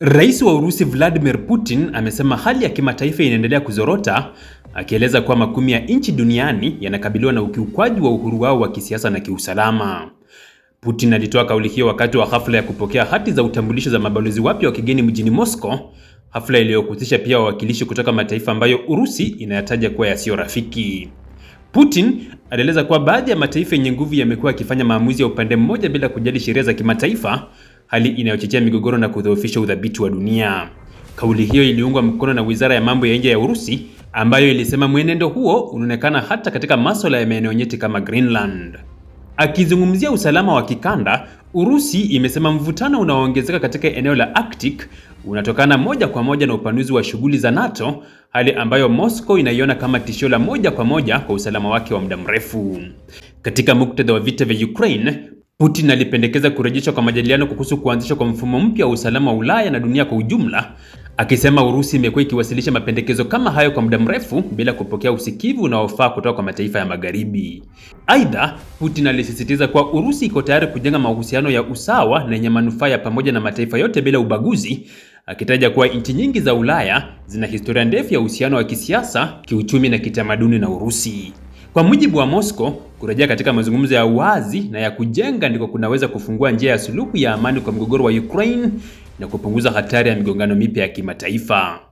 Rais wa Urusi Vladimir Putin amesema hali ya kimataifa inaendelea kuzorota, akieleza kuwa makumi ya nchi duniani yanakabiliwa na ukiukwaji wa uhuru wao wa kisiasa na kiusalama. Putin alitoa kauli hiyo wakati wa hafla ya kupokea hati za utambulisho za mabalozi wapya wa kigeni mjini Moscow, hafla iliyohusisha pia wawakilishi kutoka mataifa ambayo Urusi inayataja kuwa yasiyo rafiki. Putin alieleza kuwa baadhi ya mataifa yenye nguvu yamekuwa yakifanya maamuzi ya upande mmoja bila kujali sheria za kimataifa hali inayochochea migogoro na kudhoofisha udhabiti wa dunia. Kauli hiyo iliungwa mkono na Wizara ya Mambo ya Nje ya Urusi ambayo ilisema mwenendo huo unaonekana hata katika masuala ya maeneo nyeti kama Greenland. Akizungumzia usalama wa kikanda, Urusi imesema mvutano unaoongezeka katika eneo la Arctic unatokana moja kwa moja na upanuzi wa shughuli za NATO, hali ambayo Moscow inaiona kama tishio la moja kwa moja kwa usalama wake wa muda mrefu. Katika muktadha wa vita vya Ukraine, Putin alipendekeza kurejeshwa kwa majadiliano kuhusu kuanzishwa kwa mfumo mpya wa usalama wa Ulaya na dunia kwa ujumla, akisema Urusi imekuwa ikiwasilisha mapendekezo kama hayo kwa muda mrefu bila kupokea usikivu unaofaa kutoka kwa mataifa ya Magharibi. Aidha, Putin alisisitiza kuwa Urusi iko tayari kujenga mahusiano ya usawa na yenye manufaa ya pamoja na mataifa yote bila ubaguzi, akitaja kuwa nchi nyingi za Ulaya zina historia ndefu ya uhusiano wa kisiasa, kiuchumi na kitamaduni na Urusi. Kwa mujibu wa Moscow, kurejea katika mazungumzo ya wazi na ya kujenga ndiko kunaweza kufungua njia ya suluhu ya amani kwa mgogoro wa Ukraine na kupunguza hatari ya migongano mipya ya kimataifa.